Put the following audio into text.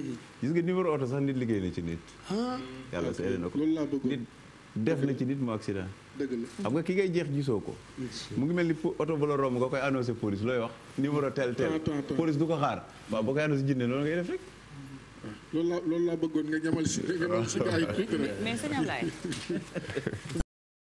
gis nga numéro oto sax nit liggéey na ci nit. Ah. yàlla seede na ko loolu laa nit def na ci nit mu accident. dëgg la xam nga ki ngay jeex gisoo ko. mu ngi mel ni oto bu la romb nga koy annoncé police looy wax. numéro tel tel police du ko xaar waaw boo koy annoncé jinne loolu ngay def rek. loolu laa bëggoon nga ñamal si nga ñamal si ay tuuti